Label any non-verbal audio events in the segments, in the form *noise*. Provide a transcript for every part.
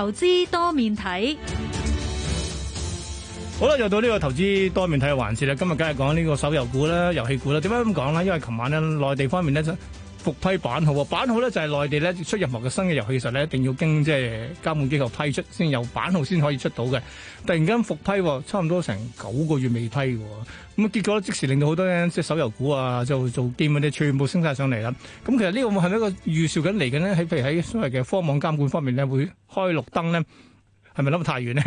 投資多面睇，好啦，又到呢個投資多面睇嘅環節啦。今日梗係講呢個手遊股啦，遊戲股啦。點解咁講咧？因為琴晚咧內地方面咧。復批版號版號咧就係內地咧出任何嘅新嘅遊戲實咧，一定要經即係監管機構批出先有版號，先可以出到嘅。突然間復批，差唔多成九個月未批嘅，咁啊結果即時令到好多人即係手遊股啊，就做基本嘅全部升晒上嚟啦。咁其實呢個係咪一個預兆緊嚟緊呢。喺譬如喺所謂嘅科網監管方面咧，會開綠燈呢，係咪諗太遠呢？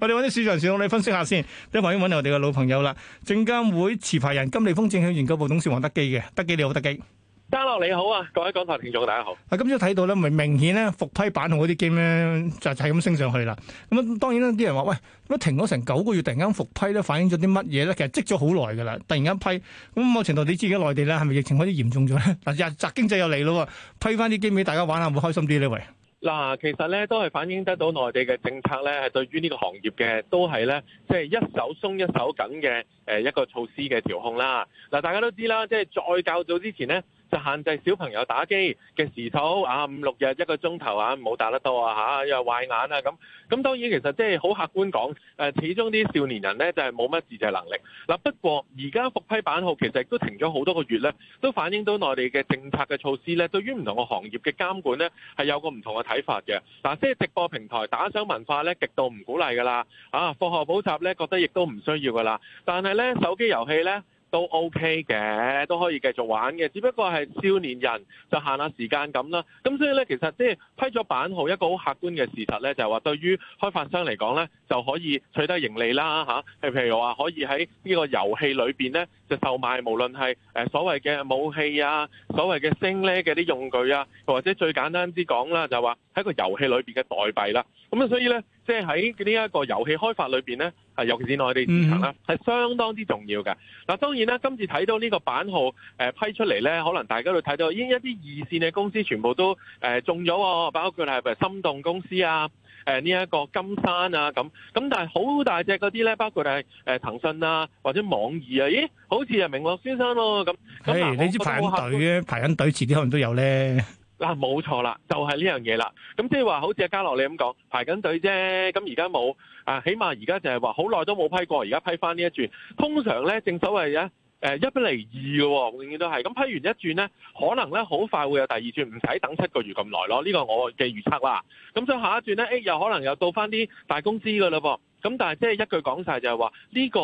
我哋揾啲市場先，我哋分析下先。等我已經揾到我哋嘅老朋友啦，證監會持牌人金利豐證券研究部董事黃德幾嘅，德幾你好，德幾。嘉樂你好啊，各位港台聽眾大家好。啊，今朝睇到咧，明明顯咧，復批版號嗰啲 game 咧就係咁升上去啦。咁啊，當然啦，啲人話喂，咁停咗成九個月，突然間復批咧，反映咗啲乜嘢咧？其實積咗好耐噶啦，突然間批，咁某程度，你知道內地咧係咪疫情開始嚴重咗咧？嗱， *laughs* 日宅經濟又嚟咯，批翻啲 game 俾大家玩下，會唔會開心啲呢？喂，嗱，其實咧都係反映得到內地嘅政策咧，係對於呢個行業嘅都係咧，即係一手鬆一手緊嘅誒一個措施嘅調控啦。嗱，大家都知啦，即係再較早之前咧，就限制小朋友打機嘅時數啊，五六日一個鐘頭啊，唔好打得多啊嚇，又壞眼啊咁。咁、啊啊啊、當然其實即係好客觀講，誒、啊、始終啲少年人咧就係冇乜自制能力。嗱、啊、不過而家復批版號其實亦都停咗好多個月咧，都反映到內地嘅政策嘅措施咧，對於唔同嘅行業嘅監管咧係有個唔同嘅睇法嘅。嗱、啊，即係直播平台打賞文化咧極度唔鼓勵噶啦，啊課後補習咧覺得亦都唔需要噶啦，但係咧手機遊戲咧。都 OK 嘅，都可以繼續玩嘅，只不過係少年人就限下時間咁啦。咁所以咧，其實即係批咗版號，一個好客觀嘅事實咧，就係話對於開發商嚟講咧，就可以取得盈利啦吓，係譬如話可以喺呢個遊戲裏面咧，就售賣無論係所謂嘅武器啊、所謂嘅聲咧嘅啲用具啊，或者最簡單之講啦，就話喺個遊戲裏面嘅代幣啦。咁所以咧，即係喺呢一個遊戲開發裏邊咧，係尤其是內地市場啦，係、嗯、相當之重要嘅。嗱，當然啦，今次睇到呢個版號誒、呃、批出嚟咧，可能大家都睇到已經一啲二線嘅公司全部都誒、呃、中咗喎，包括係心動公司啊，誒呢一個金山啊咁。咁但係好大隻嗰啲咧，包括係誒騰訊啊，或者網易啊，咦好似係明樂先生喎、啊、咁。誒，你知、啊、排緊隊嘅排緊隊，隊遲啲可能都有咧。嗱，冇錯啦，就係呢樣嘢啦。咁即係話好似阿家樂你咁講，排緊隊啫。咁而家冇啊，起碼而家就係話好耐都冇批過，而家批翻呢一轉。通常呢正所謂嘅誒一不離二嘅喎，永遠都係。咁批完一轉呢，可能呢好快會有第二轉，唔使等七個月咁耐咯。呢個我嘅預測啦。咁所以下一轉呢，誒又可能又到翻啲大公司嘅嘞噃。咁但係即係一句講晒，就係話呢個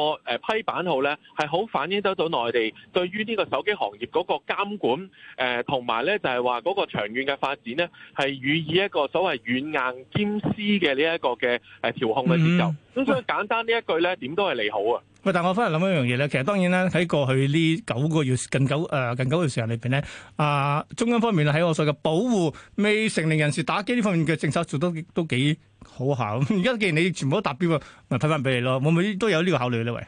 批版號咧係好反映得到內地對於呢個手機行業嗰個監管誒同埋咧就係話嗰個長遠嘅發展咧係予以一個所謂軟硬兼施嘅呢一個嘅誒調控嘅節奏。咁所以簡單呢一句咧點都係利好啊！喂，但我翻嚟諗一樣嘢咧，其實當然啦，喺過去呢九個月近九誒，呃、近九個月時間裏邊咧，啊、呃、中央方面喺我所嘅保護未成年人士打機呢方面嘅政策做得都幾好下。而家既然你全部都達標，咪批翻俾你咯。會唔會都有呢個考慮呢喂。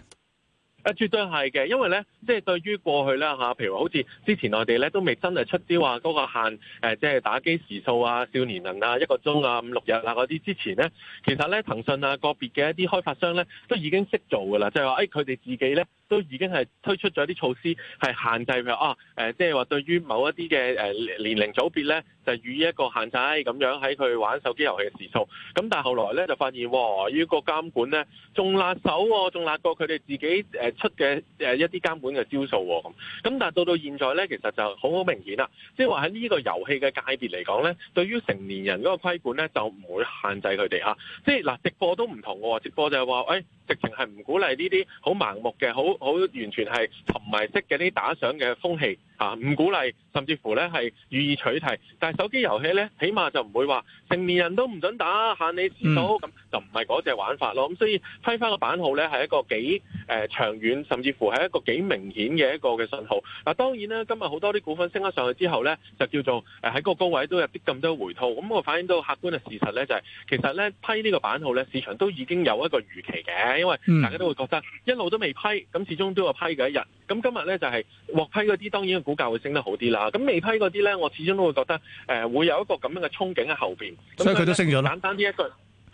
啊，絕對係嘅，因為咧，即係對於過去呢，嚇，譬如好似之前內地咧都未真係出招話嗰個限誒，即係打機時數啊、少年人啊、一個鐘啊、五六日啊嗰啲之前咧，其實咧騰訊啊個別嘅一啲開發商咧都已經識做㗎啦，就係話誒佢哋自己咧。都已經係推出咗啲措施，係限制譬如哦，誒，即係話對於某一啲嘅誒年齡組別咧，就予以一個限制咁樣喺佢玩手機遊戲嘅時數。咁但係後來咧就發現，哇這個、監管呢個監管咧仲辣手喎、哦，仲辣過佢哋自己誒、呃、出嘅誒一啲監管嘅招數喎、哦。咁咁但係到到現在咧，其實就好好明顯啦，即係話喺呢個遊戲嘅界別嚟講咧，對於成年人嗰個規管咧就唔會限制佢哋嚇。即係嗱，直播都唔同喎，直播就係話誒。哎直情係唔鼓勵呢啲好盲目嘅，好好完全係沉迷式嘅呢啲打賞嘅風氣。啊！唔鼓勵，甚至乎咧係予以取締，但係手機遊戲咧，起碼就唔會話成年人都唔準打，限你幾多咁，就唔係嗰隻玩法咯。咁所以批翻個版號咧，係一個幾誒長遠，甚至乎係一個幾明顯嘅一個嘅信號。嗱，當然啦，今日好多啲股份升咗上去之後咧，就叫做喺個高位都有啲咁多回吐。咁我反映到客觀嘅事實咧，就係，就係其實咧批呢個版號咧，市場都已經有一個預期嘅，因為大家都會覺得一路都未批，咁始終都有批嘅一日。咁今日咧就係、是、獲批嗰啲，當然個股價會升得好啲啦。咁未批嗰啲咧，我始終都會覺得誒、呃、會有一個咁樣嘅憧憬喺後面，所以佢都升咗啦。簡單啲一,一句。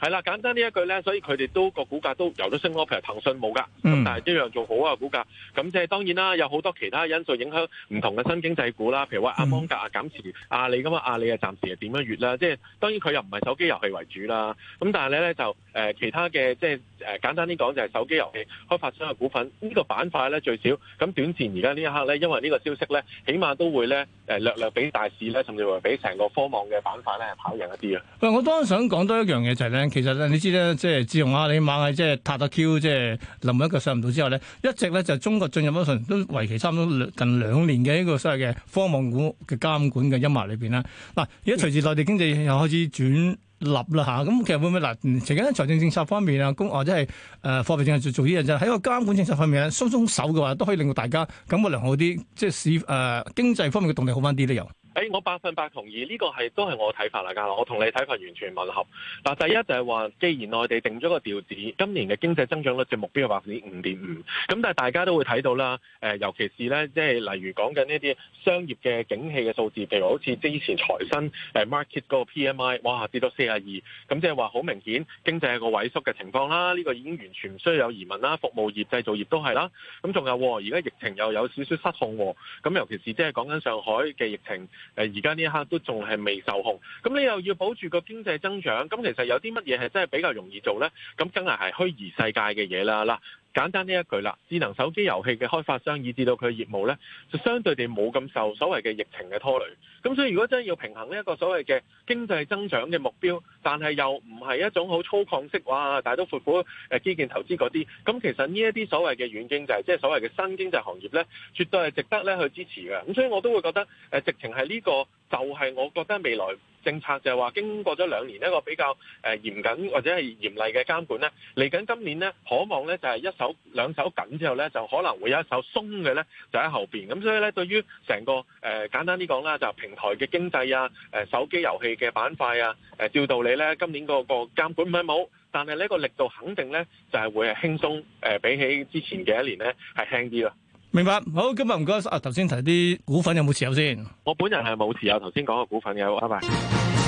係啦，簡單呢一句咧，所以佢哋都個股價都由咗升咯。譬如騰訊冇噶，咁、嗯、但係一樣做好啊股價。咁即係當然啦，有好多其他因素影響唔同嘅新經濟股啦。譬如話亞芒格、啊減持、阿里咁啊，阿里啊暫時係點樣越啦？即、就、係、是、當然佢又唔係手機遊戲為主啦。咁但係咧就誒、呃、其他嘅即係誒簡單啲講就係手機遊戲開發商嘅股份呢、這個板塊咧最少咁短期而家呢一刻咧，因為呢個消息咧，起碼都會咧誒、呃、略略俾大市咧，甚至乎俾成個科網嘅板塊咧跑贏一啲啊。喂，我當然想講多一樣嘢就係咧。其實咧，你知啦，即係自從阿里馬啊，即係塔到 Q，即係冧一個上唔到之後咧，一直咧就中國進入咗成都為期差唔多兩近兩年嘅呢個所謂嘅科網股嘅監管嘅陰霾裏邊啦。嗱，而家隨住內地經濟又開始轉立啦吓，咁其實會唔會嗱？而喺財政政策方面啊，公或者係誒貨幣政策做做啲嘢，就喺個監管政策方面咧鬆鬆手嘅話，都可以令到大家感覺良好啲，即係市誒經濟方面嘅動力好翻啲都有。我百分百同意呢個係都係我睇法嚟㗎啦，我同你睇法完全吻合。嗱，第一就係話，既然內地定咗個調子，今年嘅經濟增長率就目標係百分之五點五。咁但係大家都會睇到啦，尤其是呢，即係例如講緊呢啲商業嘅景氣嘅數字，譬如好似即以前財新 market 嗰個 PMI，哇，跌到四呀二，咁即係話好明顯經濟係個萎縮嘅情況啦。呢個已經完全唔需要有疑問啦，服務業、製造業都係啦。咁仲有，而家疫情又有少少失控，咁尤其是即係講緊上海嘅疫情。誒而家呢一刻都仲係未受控，咁你又要保住個經濟增長，咁其實有啲乜嘢係真係比較容易做呢？咁梗係係虛擬世界嘅嘢啦，啦。簡單呢一句啦，智能手機遊戲嘅開發商以至到佢業務呢，就相對地冇咁受所謂嘅疫情嘅拖累。咁所以如果真係要平衡呢一個所謂嘅經濟增長嘅目標，但係又唔係一種好粗獷式哇，大刀闊斧誒，基建投資嗰啲，咁其實呢一啲所謂嘅軟經濟即係所謂嘅新經濟行業呢，絕對係值得呢去支持嘅。咁所以我都會覺得誒直情係呢個。就係、是、我覺得未來政策就係話經過咗兩年一個比較誒嚴謹或者係嚴厲嘅監管咧，嚟緊今年咧，可望咧就係一手兩手緊之後咧，就可能會有一手鬆嘅咧、呃，就喺後邊。咁所以咧，對於成個誒簡單啲講啦，就平台嘅經濟啊、誒、呃、手機遊戲嘅板塊啊，誒照道理咧，今年的、這個個監管唔係冇，但係呢個力度肯定咧，就係會係輕鬆誒比起之前嘅一年咧係輕啲咯。明白，好，今日唔該，啊，頭先提啲股份有冇持有先？我本人係冇持有頭先講個股份嘅，拜拜。